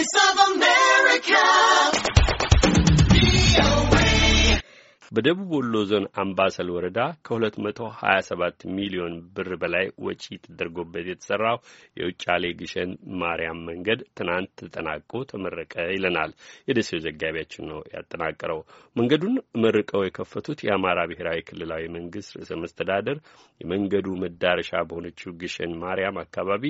voice of በደቡብ ወሎ ዞን አምባሰል ወረዳ ከ227 ሚሊዮን ብር በላይ ወጪ ተደርጎበት የተሰራው የውጫሌ ግሸን ማርያም መንገድ ትናንት ተጠናቆ ተመረቀ ይለናል የደሴው ዘጋቢያችን ነው ያጠናቀረው። መንገዱን መርቀው የከፈቱት የአማራ ብሔራዊ ክልላዊ መንግስት ርዕሰ መስተዳደር የመንገዱ መዳረሻ በሆነችው ግሸን ማርያም አካባቢ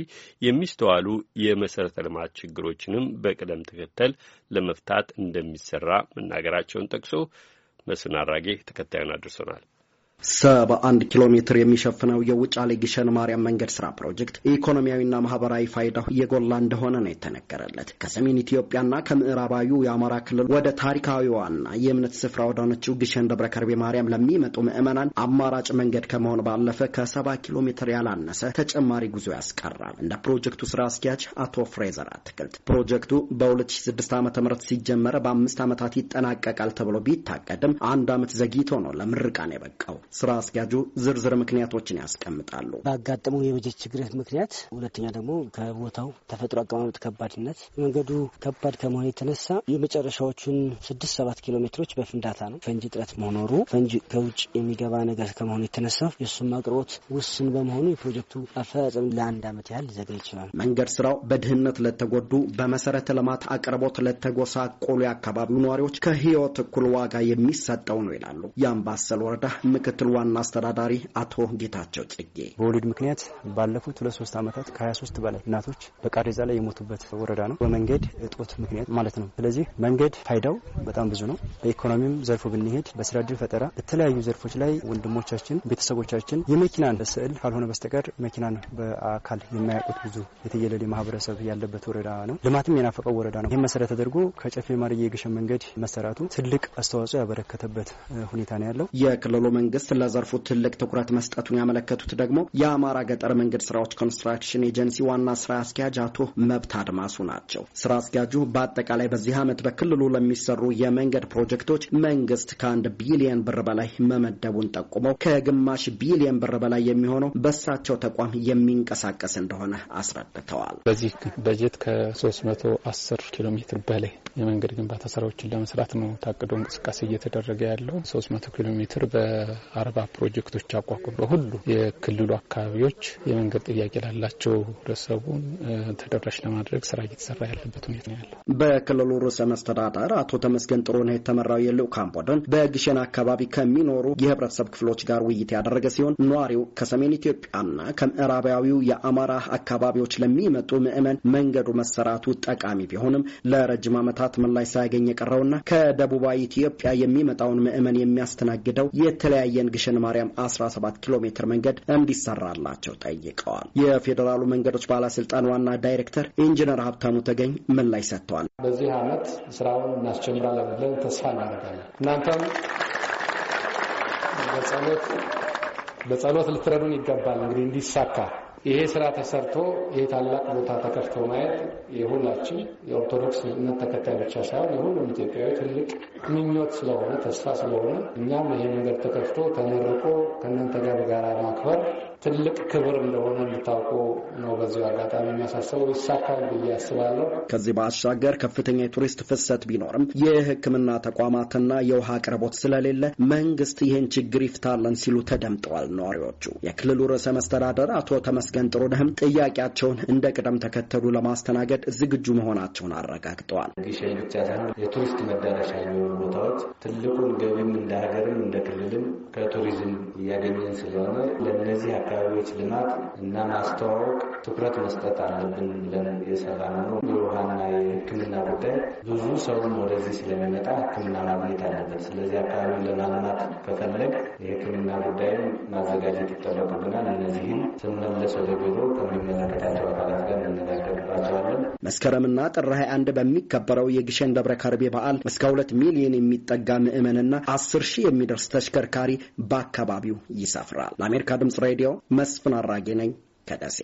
የሚስተዋሉ የመሰረተ ልማት ችግሮችንም በቅደም ተከተል ለመፍታት እንደሚሰራ መናገራቸውን ጠቅሶ መስፍን አራጌ ተከታዩን አድርሶናል። 71 ኪሎ ሜትር የሚሸፍነው የውጫሌ ግሸን ማርያም መንገድ ስራ ፕሮጀክት ኢኮኖሚያዊና ማህበራዊ ፋይዳው የጎላ እንደሆነ ነው የተነገረለት። ከሰሜን ኢትዮጵያና ከምዕራባዊው የአማራ ክልል ወደ ታሪካዊዋና የእምነት ስፍራ ወዳነችው ግሸን ደብረ ከርቤ ማርያም ለሚመጡ ምዕመናን አማራጭ መንገድ ከመሆን ባለፈ ከሰባ ኪሎ ሜትር ያላነሰ ተጨማሪ ጉዞ ያስቀራል። እንደ ፕሮጀክቱ ስራ አስኪያጅ አቶ ፍሬዘር አትክልት ፕሮጀክቱ በ2006 ዓ ም ሲጀመረ በአምስት ዓመታት ይጠናቀቃል ተብሎ ቢታቀድም አንድ ዓመት ዘግይቶ ነው ለምርቃን የበቃው። ስራ አስኪያጁ ዝርዝር ምክንያቶችን ያስቀምጣሉ። ባጋጠመው የበጀት ችግረት ምክንያት፣ ሁለተኛ ደግሞ ከቦታው ተፈጥሮ አቀማመጥ ከባድነት፣ መንገዱ ከባድ ከመሆኑ የተነሳ የመጨረሻዎቹን ስድስት ሰባት ኪሎ ሜትሮች በፍንዳታ ነው። ፈንጂ እጥረት መኖሩ ፈንጅ ከውጭ የሚገባ ነገር ከመሆኑ የተነሳ የእሱም አቅርቦት ውስን በመሆኑ የፕሮጀክቱ አፈጻጸም ለአንድ ዓመት ያህል ሊዘገይ ይችላል። መንገድ ስራው በድህነት ለተጎዱ በመሰረተ ልማት አቅርቦት ለተጎሳቆሉ የአካባቢው ነዋሪዎች ከህይወት እኩል ዋጋ የሚሰጠው ነው ይላሉ የአምባሰል ወረዳ ምክትል ምክትል ዋና አስተዳዳሪ አቶ ጌታቸው ጽጌ በወሊድ ምክንያት ባለፉት ሁለት ሶስት ዓመታት ከ23 በላይ እናቶች በቃሬዛ ላይ የሞቱበት ወረዳ ነው። በመንገድ እጦት ምክንያት ማለት ነው። ስለዚህ መንገድ ፋይዳው በጣም ብዙ ነው። በኢኮኖሚም ዘርፉ ብንሄድ በስራ እድል ፈጠራ፣ በተለያዩ ዘርፎች ላይ ወንድሞቻችን፣ ቤተሰቦቻችን የመኪናን ስዕል ካልሆነ በስተቀር መኪናን በአካል የማያውቁት ብዙ የተየለሌ ማህበረሰብ ያለበት ወረዳ ነው። ልማትም የናፈቀው ወረዳ ነው። ይህም መሰረት ተደርጎ ከጨፌ ማርየ የግሸን መንገድ መሰራቱ ትልቅ አስተዋጽኦ ያበረከተበት ሁኔታ ነው ያለው። የክልሉ መንግስት መንግስት ለዘርፉ ትልቅ ትኩረት መስጠቱን ያመለከቱት ደግሞ የአማራ ገጠር መንገድ ስራዎች ኮንስትራክሽን ኤጀንሲ ዋና ስራ አስኪያጅ አቶ መብት አድማሱ ናቸው። ስራ አስኪያጁ በአጠቃላይ በዚህ ዓመት በክልሉ ለሚሰሩ የመንገድ ፕሮጀክቶች መንግስት ከአንድ ቢሊየን ብር በላይ መመደቡን ጠቁመው ከግማሽ ቢሊየን ብር በላይ የሚሆነው በሳቸው ተቋም የሚንቀሳቀስ እንደሆነ አስረድተዋል። በዚህ በጀት ከ310 ኪሎ ሜትር በላይ የመንገድ ግንባታ ስራዎችን ለመስራት ነው ታቅዶ እንቅስቃሴ እየተደረገ ያለው። 300 ኪሎ ሜትር በ አርባ ፕሮጀክቶች አቋቁም በሁሉ የክልሉ አካባቢዎች የመንገድ ጥያቄ ላላቸው ህብረተሰቡን ተደራሽ ለማድረግ ስራ እየተሰራ ያለበት ሁኔታ ነው ያለው። በክልሉ ርዕሰ መስተዳደር አቶ ተመስገን ጥሩነህ የተመራው የልዑካን ቡድን በግሸን አካባቢ ከሚኖሩ የህብረተሰብ ክፍሎች ጋር ውይይት ያደረገ ሲሆን ነዋሪው ከሰሜን ኢትዮጵያና ከምዕራባዊው የአማራ አካባቢዎች ለሚመጡ ምዕመን መንገዱ መሰራቱ ጠቃሚ ቢሆንም ለረጅም ዓመታት ምላሽ ሳያገኝ የቀረውና ከደቡባዊ ኢትዮጵያ የሚመጣውን ምዕመን የሚያስተናግደው የተለያየ ግሸን ማርያም 17 ኪሎ ሜትር መንገድ እንዲሰራላቸው ጠይቀዋል። የፌዴራሉ መንገዶች ባለስልጣን ዋና ዳይሬክተር ኢንጂነር ሀብታሙ ተገኝ ምላሽ ሰጥተዋል። በዚህ ዓመት ስራውን እናስጀምራለን ብለን ተስፋ እናደርጋለን። እናንተም በጸሎት ልትረዱን ይገባል እንግዲህ እንዲሳካ ይሄ ስራ ተሰርቶ ይሄ ታላቅ ቦታ ተከፍቶ ማየት የሁላችን የኦርቶዶክስ እምነት ተከታይ ብቻ ሳይሆን የሁሉም ኢትዮጵያዊ ትልቅ ምኞት ስለሆነ ተስፋ ስለሆነ እኛም ይሄ መንገድ ተከፍቶ ተመርቆ ከእናንተ ጋር በጋራ ማክበር ትልቅ ክብር እንደሆነ እንድታውቁ ነው በዚሁ አጋጣሚ የሚያሳስበው። ይሳካል ብዬ አስባለሁ። ከዚህ ባሻገር ከፍተኛ የቱሪስት ፍሰት ቢኖርም የሕክምና ተቋማትና የውሃ አቅርቦት ስለሌለ መንግስት ይህን ችግር ይፍታለን ሲሉ ተደምጠዋል ነዋሪዎቹ። የክልሉ ርዕሰ መስተዳደር አቶ ተመስ ተመስገን ጥሩነህም ጥያቄያቸውን እንደ ቅደም ተከተሉ ለማስተናገድ ዝግጁ መሆናቸውን አረጋግጠዋል። ጊሸኝ ብቻ ሳይሆን የቱሪስት መዳረሻ የሚሆኑ ቦታዎች ትልቁን ገቢም እንደ ሀገርም እንደ ክልልም ከቱሪዝም እያገኘን ስለሆነ ለእነዚህ አካባቢዎች ልማት እና ማስተዋወቅ ትኩረት መስጠት አለብን ብለን የሰራ ነው። የውሃና የሕክምና ጉዳይ ብዙ ሰውም ወደዚህ ስለሚመጣ ሕክምና ማግኘት አለበት። ስለዚህ አካባቢ ለማልማት ከፈለግ የሕክምና ጉዳይም ማዘጋጀት ይጠበቅብናል። እነዚህም ስንመለሰ መስከረምና ጥር 21 በሚከበረው የግሸን ደብረ ከርቤ በዓል እስከ ሁለት ሚሊዮን የሚጠጋ ምዕመንና አስር ሺህ የሚደርስ ተሽከርካሪ በአካባቢው ይሰፍራል። ለአሜሪካ ድምጽ ሬዲዮ መስፍን አራጌ ነኝ ከደሴ።